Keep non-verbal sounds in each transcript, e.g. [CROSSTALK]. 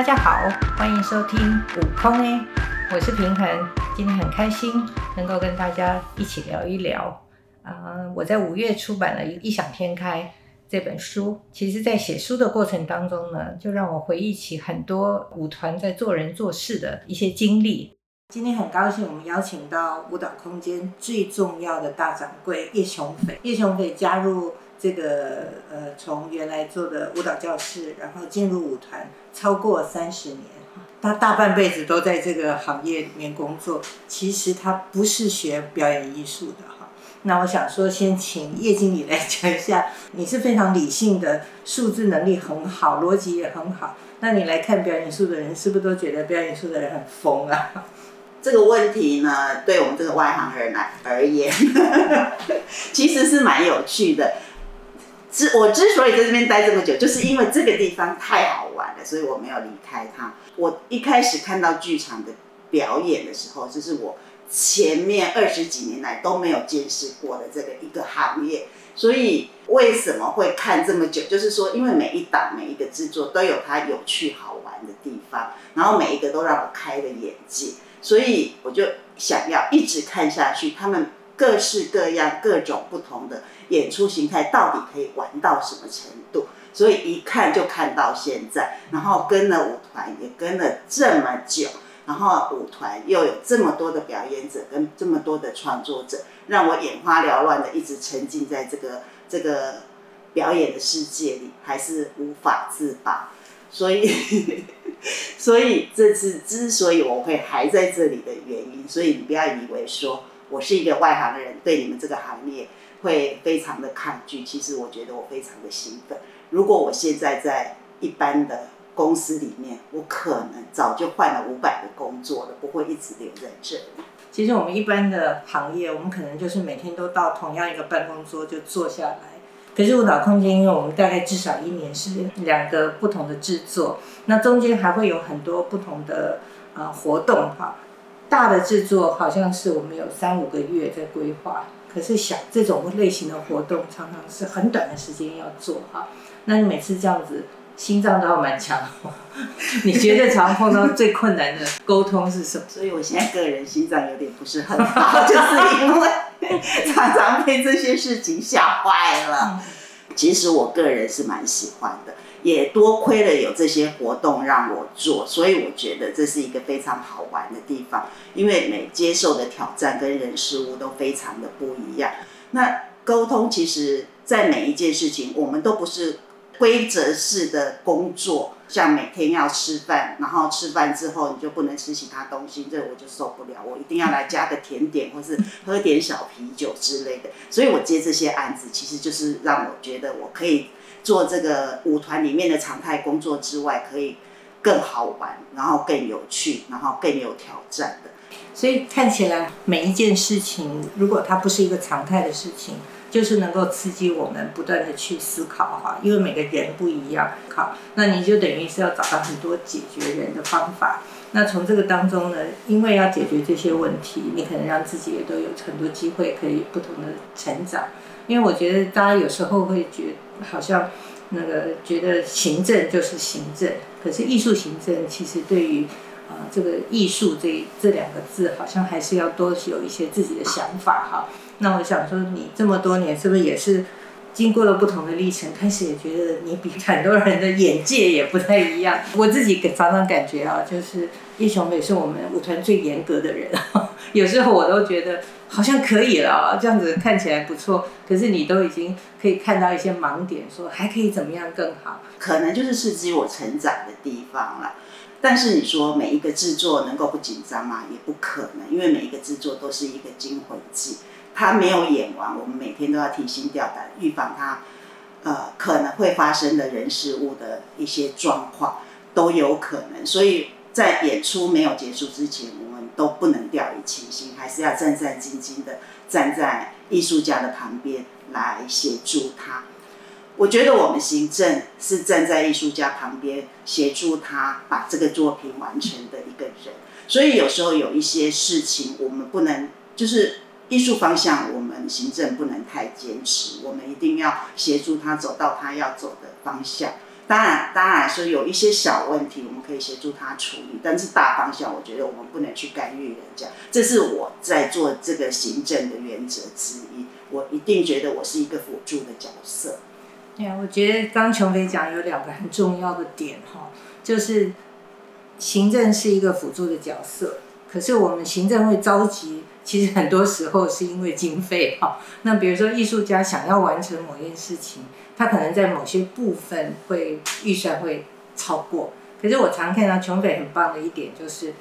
大家好，歡迎收聽舞空哎，我是平珩。今天很開心能夠跟大家一起聊一聊。呃、我在五月出版了《異想天開》這本書。其實，在寫書的過程當中呢，就讓我回憶起很多舞團在做人做事的一些經歷。今天很高興，我們邀請到舞蹈空間最重要的大掌櫃葉瓊斐。葉瓊斐加入這個呃，從原來做的舞蹈教室，然後進入舞團。超過三十年，他大半輩子都在這個行業裡面工作。其實他不是學表演藝術的哈。那我想說，先請葉經理來講一下。你是非常理性的，數字能力很好，邏輯也很好。那你來看表演藝術的人，是不是都覺得表演藝術的人很瘋啊？這個問題呢，對我們這個外行人而言，其實是蠻有趣的。之我之所以在這邊待這麼久，就是因為這個地方太好玩了，所以我沒有離開它。我一開始看到劇場的表演的時候，就是我前面二十幾年來都沒有見識過的這個一個行業。所以為什麼會看這麼久？就是說，因為每一檔每一個製作都有它有趣好玩的地方，然後每一個都讓我開了眼界，所以我就想要一直看下去。他們。各式各樣、各種不同的演出形態，到底可以玩到什麼程度？所以一看就看到現在，然後跟了舞團也跟了這麼久，然後舞團又有這麼多的表演者跟這麼多的創作者，讓我眼花繚亂的，一直沉浸在這個這個表演的世界裡，還是無法自拔。所以， [LAUGHS] 所以這次之所以我會還在這裡的原因，所以你不要以為說。我是一個外行人，對你們這個行業會非常的抗拒。其實我覺得我非常的興奮。如果我現在在一般的公司裡面，我可能早就換了五百個工作了，不會一直留在這裡。其實我們一般的行業，我們可能就是每天都到同樣一個辦公桌就坐下來。可是舞蹈空間，因為我們大概至少一年是兩個不同的制作，那中間還會有很多不同的呃活動哈。大的製作好像是我們有三五個月在規劃，可是小這種類型的活動常常是很短的時間要做哈。那你每次這樣子，心臟都要蠻強的。你覺得常碰到最困難的溝通是什麼？所以我現在個人心臟有點不是很好， [LAUGHS] 就是因為常常被這些事情嚇壞了。其實我個人是蠻喜歡的。也多虧了有這些活動讓我做，所以我覺得這是一個非常好玩的地方。因為每接受的挑戰跟人事物都非常的不一樣。那溝通其實，在每一件事情，我們都不是規則式的工作，像每天要吃飯，然後吃飯之後你就不能吃其他東西，這我就受不了。我一定要來加個甜點，或是喝點小啤酒之類的。所以我接這些案子，其實就是讓我覺得我可以做這個舞團裡面的常態工作之外，可以更好玩，然後更有趣，然後更有挑戰的。所以看起來每一件事情，如果它不是一個常態的事情，就是能夠刺激我們不斷地去思考哈。因為每個人不一樣，好，那你就等於是要找到很多解決人的方法。那從這個當中呢，因為要解決這些問題，你可能讓自己也都有很多機會可以不同的成長。因為我覺得大家有時候會覺得。好像那個覺得行政就是行政，可是藝術行政其實對於啊、呃、這個藝術這這兩個字，好像還是要多有一些自己的想法哈。那我想說，你這麼多年是不是也是經過了不同的歷程？開始也覺得你比很多人的眼界也不太一樣。我自己常常感覺啊，就是葉瓊斐是我們舞團最嚴格的人， [LAUGHS] 有時候我都覺得。好像可以了，這樣子看起來不錯。可是你都已經可以看到一些盲點，說還可以怎麼樣更好，可能就是刺激我成長的地方了。但是你說每一個製作能夠不緊張嗎？也不可能，因為每一個製作都是一個驚魂記，它沒有演完，我們每天都要提心吊膽，預防它呃可能會發生的人事物的一些狀況都有可能。所以在演出沒有結束之前，都不能掉以輕心，還是要戰戰兢兢地站在藝術家的旁邊來協助他。我覺得我們行政是站在藝術家旁邊協助他把這個作品完成的一個人。所以有時候有一些事情，我們不能就是藝術方向，我們行政不能太堅持，我們一定要協助他走到他要走的方向。當然，當然說有一些小問題，我們可以協助他處理，但是大方向，我覺得我們不能去干預人家，這是我在做這個行政的原則之一。我一定覺得我是一個輔助的角色。對、嗯、啊，我覺得剛剛瓊斐講有兩個很重要的點哈，就是行政是一個輔助的角色，可是我們行政會着急。其實很多時候是因為經費哈。那比如說藝術家想要完成某件事情，他可能在某些部分會預算會超過。可是我常看到瓊斐很棒的一點就是，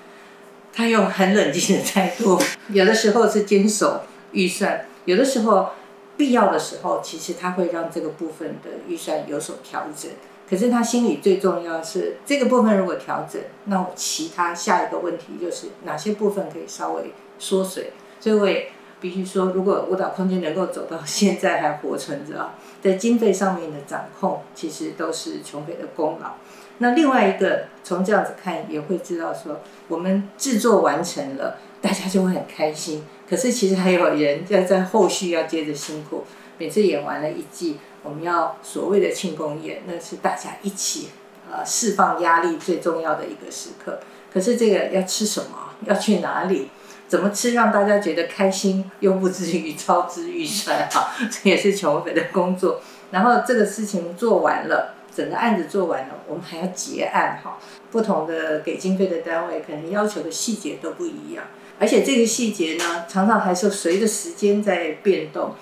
他用很冷靜的態度，有的時候是堅守預算，有的時候必要的時候，其實他會讓這個部分的預算有所調整。可是他心裡最重要是這個部分如果調整，那我其他下一個問題就是哪些部分可以稍微。縮水，所以我也必須說，如果舞蹈空間能夠走到現在還活存着，在經費上面的掌控，其實都是瓊斐的功勞。那另外一個從這樣子看，也會知道說，我們製作完成了，大家就會很開心。可是其實還有人要在後續要接着辛苦，每次演完了一季，我們要所謂的慶功宴，那是大家一起呃釋放壓力最重要的一個時刻。可是這個要吃什麼，要去哪裡？怎麼吃讓大家覺得開心，又不至於超支預算哈，這也是瓊斐的工作。然後這個事情做完了，整個案子做完了，我們還要結案哈。不同的給經費的單位可能要求的細節都不一樣，而且這個細節呢，常常還是隨着時間在變動。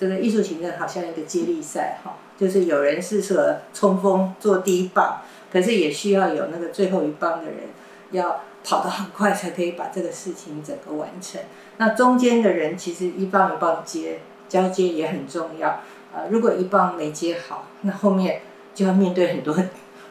這個藝術行政好像一個接力賽哈，就是有人是說衝鋒做第一棒，可是也需要有那個最後一棒的人要。跑得很快才可以把這個事情整個完成。那中間的人其實一棒一棒接，交接也很重要啊、呃。如果一棒沒接好，那後面就要面對很多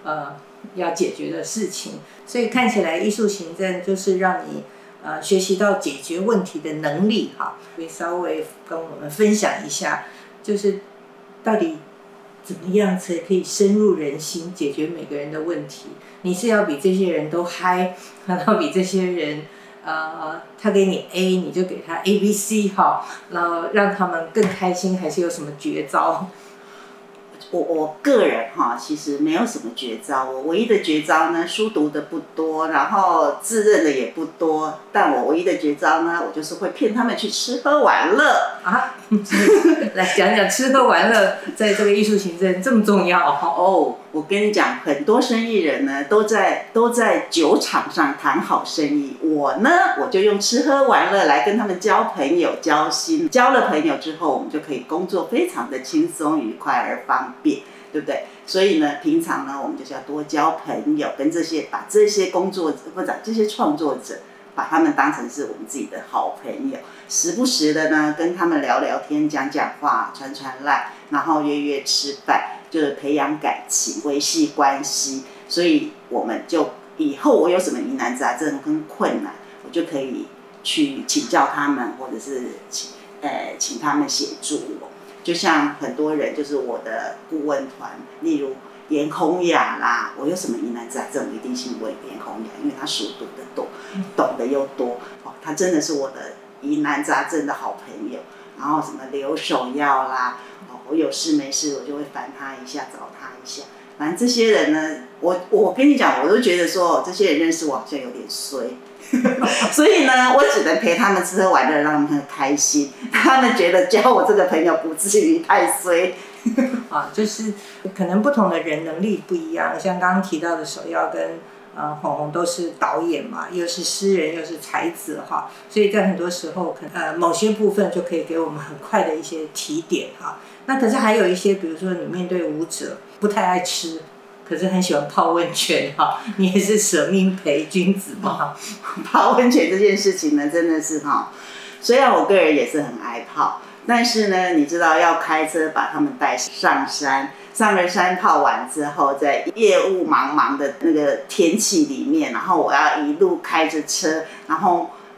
呃要解決的事情。所以看起來藝術行政就是讓你呃學習到解決問題的能力哈。可以稍微跟我們分享一下，就是到底。怎麼樣才可以深入人心，解決每個人的問題？你是要比這些人都嗨，還要比這些人，呃，他給你 A，你就給他 A B C 哈，然後讓他們更開心，還是有什麼絕招？我我個人哈，其實沒有什麼絕招。我唯一的絕招呢，書讀的不多，然後字認的也不多。但我唯一的絕招呢，我就是會騙他們去吃喝玩樂啊。 [LAUGHS] 來講講吃喝玩樂在這個藝術行政這麼重要哦。我跟你講，很多生意人呢都在都在酒場上談好生意。我呢，我就用吃喝玩樂來跟他們交朋友、交心。交了朋友之後，我們就可以工作非常的輕鬆、愉快而方便，對不對？所以呢，平常呢，我們就是要多交朋友，跟這些把這些工作者，或者這些創作者，把他們當成是我們自己的好朋友。時不時的呢，跟他們聊聊天、講講話、傳傳賴，然後約約吃飯。就是培養感情、維繫關係，所以我們就以後我有什麼疑難雜症跟困難，我就可以去請教他們，或者是請呃請他們協助我。就像很多人，就是我的顧問團，例如嚴孔雅啦，我有什麼疑難雜症，我一定先問嚴孔雅，因為他熟讀得多，懂得又多，他真的是我的疑難雜症的好朋友。然後什麼劉守耀啦。我有事沒事，我就會煩他一下，找他一下。反正這些人呢，我我跟你講，我都覺得說，這些人認識我好像有點衰， [LAUGHS] 所以呢，我只能陪他們吃喝玩樂，讓他們開心。他們覺得交我這個朋友不至於太衰啊。 [LAUGHS] 就是可能不同的人能力不一樣，像剛剛提到的首，首要跟呃，紅紅都是導演嘛，又是詩人又是才子哈，所以在很多時候可呃某些部分就可以給我們很快的一些提點哈。那可是還有一些，比如說你面對舞者不太愛吃，可是很喜歡泡溫泉哈，你也是舍命陪君子嘛。泡溫泉這件事情呢，真的是哈，雖然我個人也是很愛泡，但是呢，你知道要開車把他們帶上山，上了山泡完之後，在夜霧茫茫的那個天氣裡面，然後我要一路開着車，然後。那個霧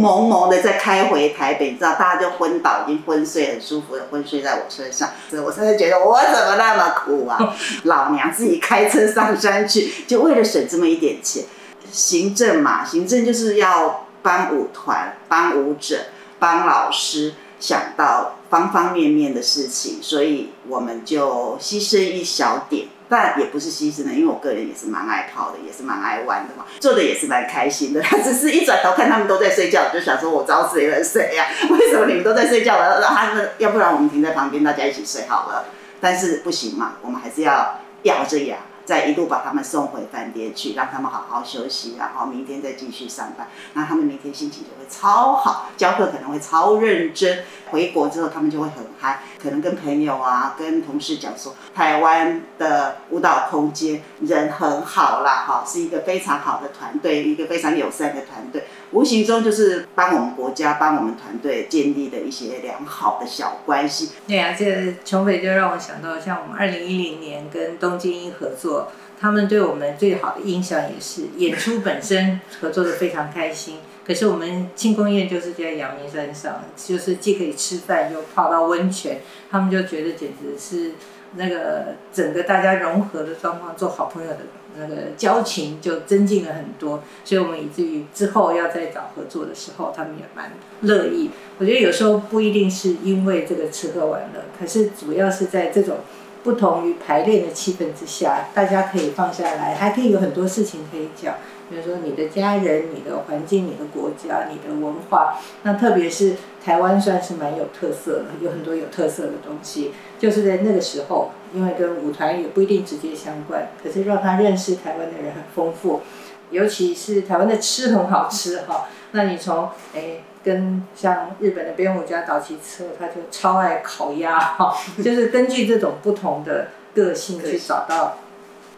濛濛的，在開回台北，你知道，大家就昏倒，已經昏睡，很舒服的昏睡在我車上。所以我現在覺得我怎麼那麼苦啊！老娘自己開車上山去，就為了省這麼一點錢。行政嘛，行政就是要幫舞團、幫舞者、幫老師想到方方面面的事情，所以我們就犧牲一小點。但也不是犧牲的，因為我個人也是蠻愛泡的，也是蠻愛玩的嘛，做的也是蠻開心的。他只是一轉頭看他們都在睡覺，就想說，我招誰惹誰呀？為什麼你們都在睡覺了？讓他們要不然我們停在旁邊，大家一起睡好了。但是不行嘛，我們還是要咬着牙。再一路把他們送回飯店去，讓他們好好休息，然後明天再繼續上班。那他們明天心情就會超好，教課可能會超認真。回國之後，他們就會很嗨，可能跟朋友啊、跟同事講說，台灣的舞蹈空間人很好啦，哈，是一個非常好的團隊，一個非常友善的團隊。無形中就是幫我們國家、幫我們團隊建立的一些良好的小關係。對啊，這個、瓊斐就讓我想到，像我們二零一零年跟東京合作，他們對我們最好的印象也是演出本身合作的非常開心。可是我們慶功宴就是在陽明山上，就是既可以吃飯又泡到溫泉，他們就覺得簡直是。那個整個大家融合的狀況，做好朋友的那個交情就增進了很多，所以我們以至於之後要再找合作的時候，他們也蠻樂意。我覺得有時候不一定是因為這個吃喝玩樂，可是主要是在這種不同於排練的氣氛之下，大家可以放下來，還可以有很多事情可以講。比如說你的家人、你的環境、你的國家、你的文化，那特別是台灣算是蠻有特色的，有很多有特色的東西。嗯、就是在那個時候，因為跟舞團也不一定直接相關，可是讓他認識台灣的人很豐富，尤其是台灣的吃很好吃哈。 [LAUGHS] 那你從哎跟像日本的編舞家島崎徹，他就超愛烤鴨哈， [LAUGHS] 就是根據這種不同的個性去找到。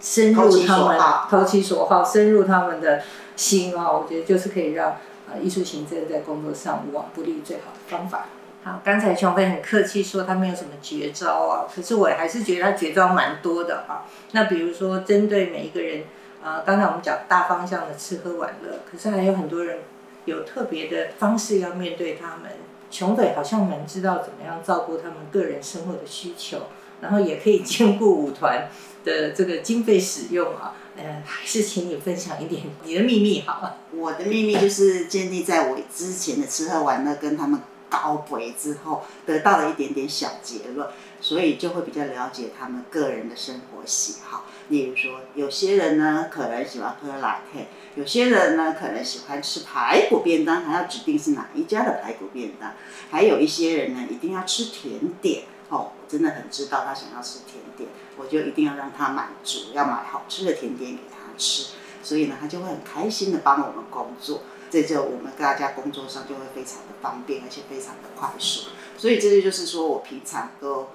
深入他們，投其所好，深入他們的心啊！我覺得就是可以讓啊藝術行政在工作上無往不利最好的方法。好，剛才瓊斐很客氣說他沒有什麼絕招啊，可是我還是覺得他絕招蠻多的、啊、那比如說針對每一個人啊，呃、剛才我們講大方向的吃喝玩樂，可是還有很多人有特別的方式要面對他們。瓊斐好像很知道怎麼樣照顧他們個人生活的需求。然後也可以兼顧舞團的這個經費使用啊，呃，還是請你分享一點你的秘密好吧。我的秘密就是建立在我之前的吃喝玩樂跟他們搞鬼之後，得到了一點點小結論，所以就會比較了解他們個人的生活喜好。例如說，有些人呢可能喜歡喝奶茶，有些人呢可能喜歡吃排骨便當，還要指定是哪一家的排骨便當，還有一些人呢一定要吃甜點。哦，我真的很知道他想要吃甜點，我就一定要讓他滿足，要買好吃的甜點給他吃，所以呢，他就會很開心的幫我們工作，這就我們大家工作上就會非常的方便，而且非常的快速。所以這就，就是說我平常都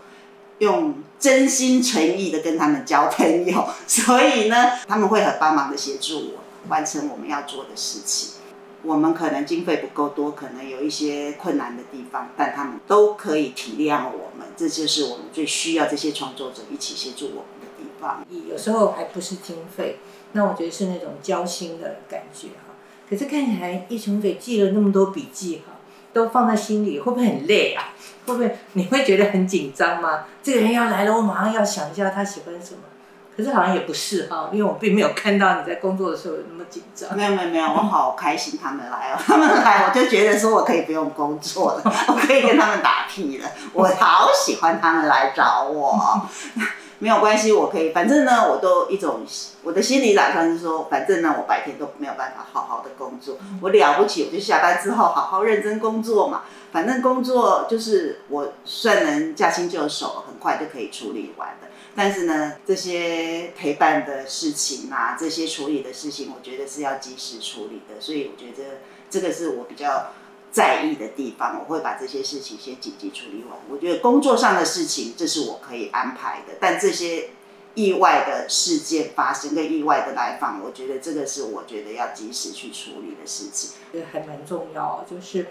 用真心誠意的跟他們交朋友，所以呢，他們會很幫忙的協助我完成我們要做的事情。我們可能經費不夠多，可能有一些困難的地方，但他們都可以體諒我。這就是我們最需要這些創作者一起協助我們的地方。有時候還不是經費，那我覺得是那種交心的感覺哈。可是看起來，葉瓊斐記了那麼多筆記哈，都放在心裡，會不會很累啊？會不會，你會覺得很緊張嗎？這個人要來了，我馬上要想一下他喜歡什麼。可是好像也不是哈，因為我並沒有看到你在工作的時候有那麼緊張。沒有沒有沒有，我好開心他們來哦， [LAUGHS] 他們來我就覺得說我可以不用工作了，我可以跟他們打屁了，我好喜歡他們來找我。 [LAUGHS] 沒有關係，我可以，反正呢，我都一種，我的心理打算是說，反正呢我白天都沒有辦法好好的工作，我了不起，我就下班之後好好認真工作嘛。反正工作就是我算能駕輕就熟，很快就可以處理完的。但是呢，這些陪伴的事情啊，這些處理的事情，我覺得是要及時處理的。所以我覺得這個是我比較在意的地方，我會把這些事情先緊急處理完。我覺得工作上的事情，這是我可以安排的，但這些意外的事件發生跟意外的來訪，我覺得這個是我覺得要及時去處理的事情，對，還蠻重要，就是。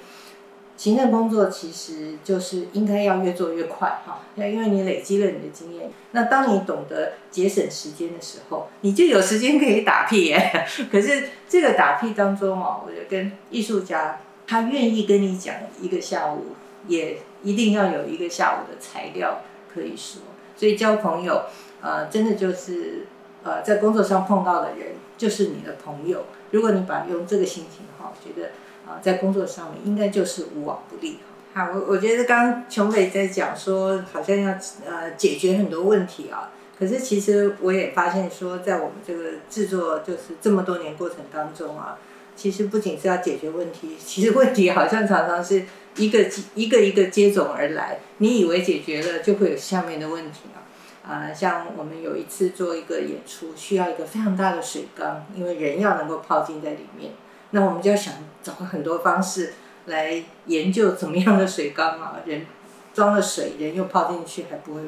行政工作其實就是應該要越做越快哈，因為你累積了你的經驗，那當你懂得節省時間的時候，你就有時間可以打屁耶。可是這個打屁當中哦，我覺得跟藝術家，他願意跟你講一個下午，也一定要有一個下午的材料可以說。所以交朋友，呃，真的就是，呃，在工作上碰到的人就是你的朋友。如果你把用這個心情的話，我覺得。在工作上面應該就是無往不利哈。好，我我覺得剛剛瓊斐在講說，好像要呃解決很多問題啊，可是其實我也發現說，在我們這個製作就是這麼多年過程當中啊，其實不僅是要解決問題，其實問題好像常常是一個一個一個接踵而來。你以為解決了就會有下面的問題啊，啊？像我們有一次做一個演出，需要一個非常大的水缸，因為人要能夠泡進在裡面。那我們就要想找個很多方式來研究怎麼樣的水缸啊，人裝了水，人又泡進去還不會，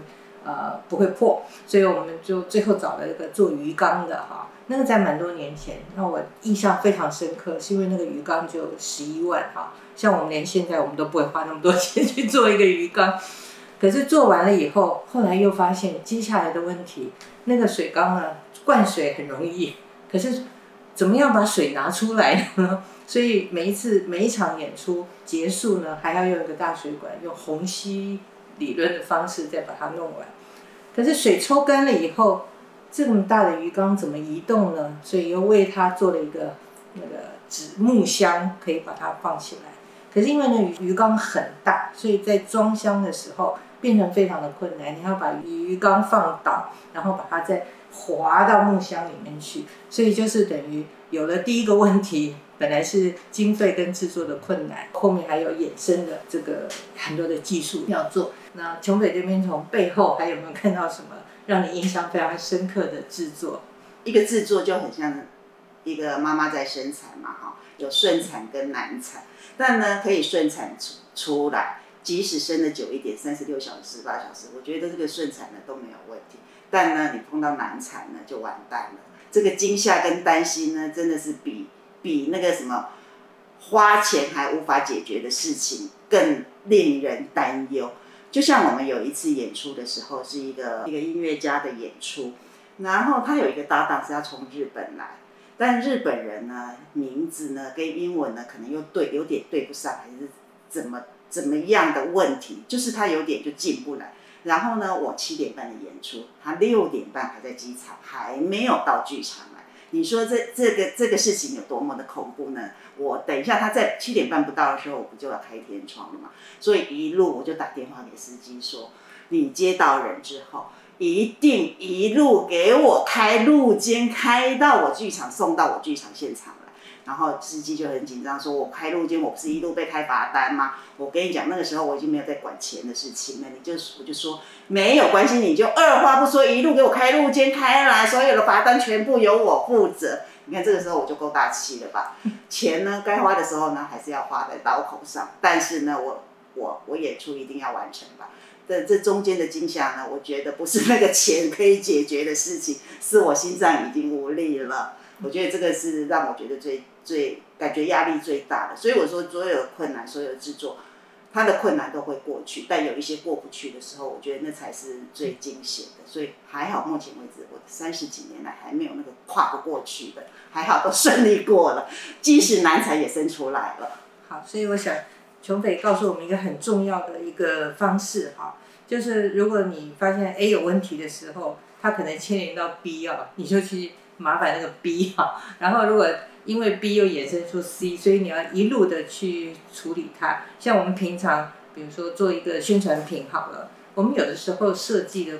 呃，不會破。所以我們就最後找了一個做魚缸的哈，那個在蠻多年前，那我印象非常深刻，是因為那個魚缸就十一萬哈，像我們連現在我們都不會花那麼多錢去做一個魚缸，可是做完了以後，後來又發現接下來的問題，那個水缸呢灌水很容易，可是怎麼樣把水拿出來呢？ [LAUGHS] 所以每一次每一場演出結束呢，還要用一個大水管，用虹吸理論的方式再把它弄完。可是水抽乾了以後，這麼大的魚缸怎麼移動呢？所以又為它做了一個那個紙木箱，可以把它放起來。可是因為呢魚缸很大，所以在裝箱的時候變成非常的困難。你要把魚缸放倒，然後把它再。滑到木箱裡面去，所以就是等於有了第一個問題，本來是經費跟製作的困難，後面還有衍生的這個很多的技術要做。那瓊斐這邊從背後還有沒有看到什麼讓你印象非常深刻的製作？一個製作就很像一個媽媽在生產嘛，哈，有順產跟難產，但呢可以順產出出來，即使生的久一點，三十六小時、八小時，我覺得這個順產呢都沒有問題。但呢，你碰到難產呢，就完蛋了。這個驚嚇跟擔心呢，真的是比比那個什麼花錢還無法解決的事情更令人擔憂。就像我們有一次演出的時候，是一個一個音樂家的演出，然後他有一個搭檔是要從日本來，但日本人呢，名字呢，跟英文呢，可能又對，有點對不上，還是怎麼怎麼樣的問題，就是他有點就進不來。然後呢，我七點半的演出，他六點半還在機場，還沒有到劇場來。你說，這這個這個事情有多麼的恐怖呢？我等一下他在七點半不到的時候，我不就要開天窗了嗎？所以一路我就打電話給司機說，你接到人之後，一定一路給我開路肩，開到我劇場，送到我劇場現場。然後司機就很緊張，說我開路肩，我不是一路被開罰單嗎？我跟你講，那個時候我已經沒有在管錢的事情了。你就我就說沒有關係，你就二話不說一路給我開路肩，開來、啊、所有的罰單全部由我負責。你看這個時候我就夠大氣了吧？錢呢，該花的時候呢還是要花在刀口上，但是呢，我我我演出一定要完成吧。這這中間的驚嚇呢，我覺得不是那個錢可以解決的事情，是我心臟已經無力了。嗯、我覺得這個是讓我覺得最。最感覺壓力最大的，所以我說，所有的困難，所有的製作，它的困難都會過去，但有一些過不去的時候，我覺得那才是最驚險的。嗯。所以還好，目前為止，我三十幾年來還沒有那個跨不過去的，還好都順利過了，即使難產也生出來了。好，所以我想，瓊斐告訴我們一個很重要的一個方式哈，就是如果你發現 A 有問題的時候，它可能牽連到 B 啊、哦，你就去麻煩那個 B 哈、哦，然後如果。因為 B 又衍生出 C，所以你要一路的去處理它。像我們平常，比如說做一個宣傳品好了，我們有的時候設計的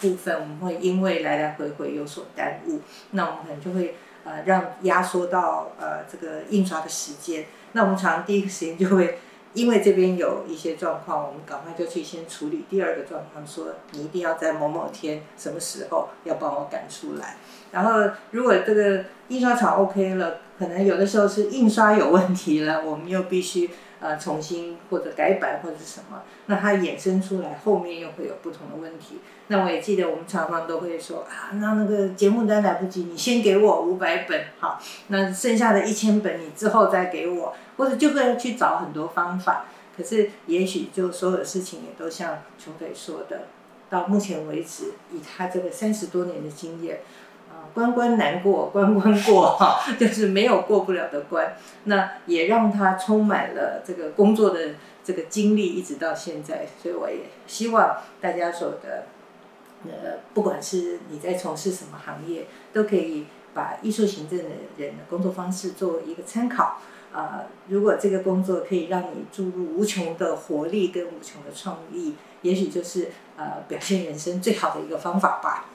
部分，我們會因為來來回回有所耽誤，那我們可能就會呃讓壓縮到呃這個印刷的時間。那我們常常第一個時間就會因為這邊有一些狀況，我們趕快就去先處理第二個狀況說，說你一定要在某某天什麼時候要幫我趕出來。然後如果這個印刷廠 OK 了。可能有的時候是印刷有問題了，我們又必須呃重新或者改版或者是什麼，那它衍生出來後面又會有不同的問題。那我也記得我們常常都會說啊，那那個節目單來不及，你先給我五百本好，那剩下的一千本你之後再給我，或者就會去找很多方法。可是也許就所有的事情也都像瓊斐說的，到目前為止以他這個三十多年的經驗，關關難過關關過，啊，就是沒有過不了的關。那也讓他充滿了這個工作的這個精力，一直到現在。所以我也希望大家說的，呃，不管是你在從事什麼行業，都可以把藝術行政的人的工作方式作為一個參考。啊，呃，如果這個工作可以讓你注入無窮的活力跟無窮的創意，也許就是呃表現人生最好的一個方法吧。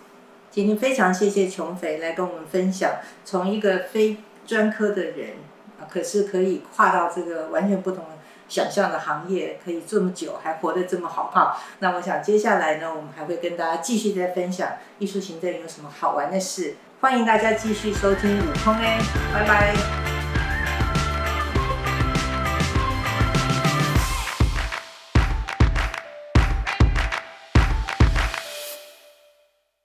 今天非常謝謝瓊斐來跟我們分享，從一個非專科的人，啊，可是可以跨到這個完全不同想象的行業，可以這麼久還活得這麼好哈。那我想接下來呢，我們還會跟大家繼續再分享藝術行政有什麼好玩的事，歡迎大家繼續收聽舞空哎，拜拜。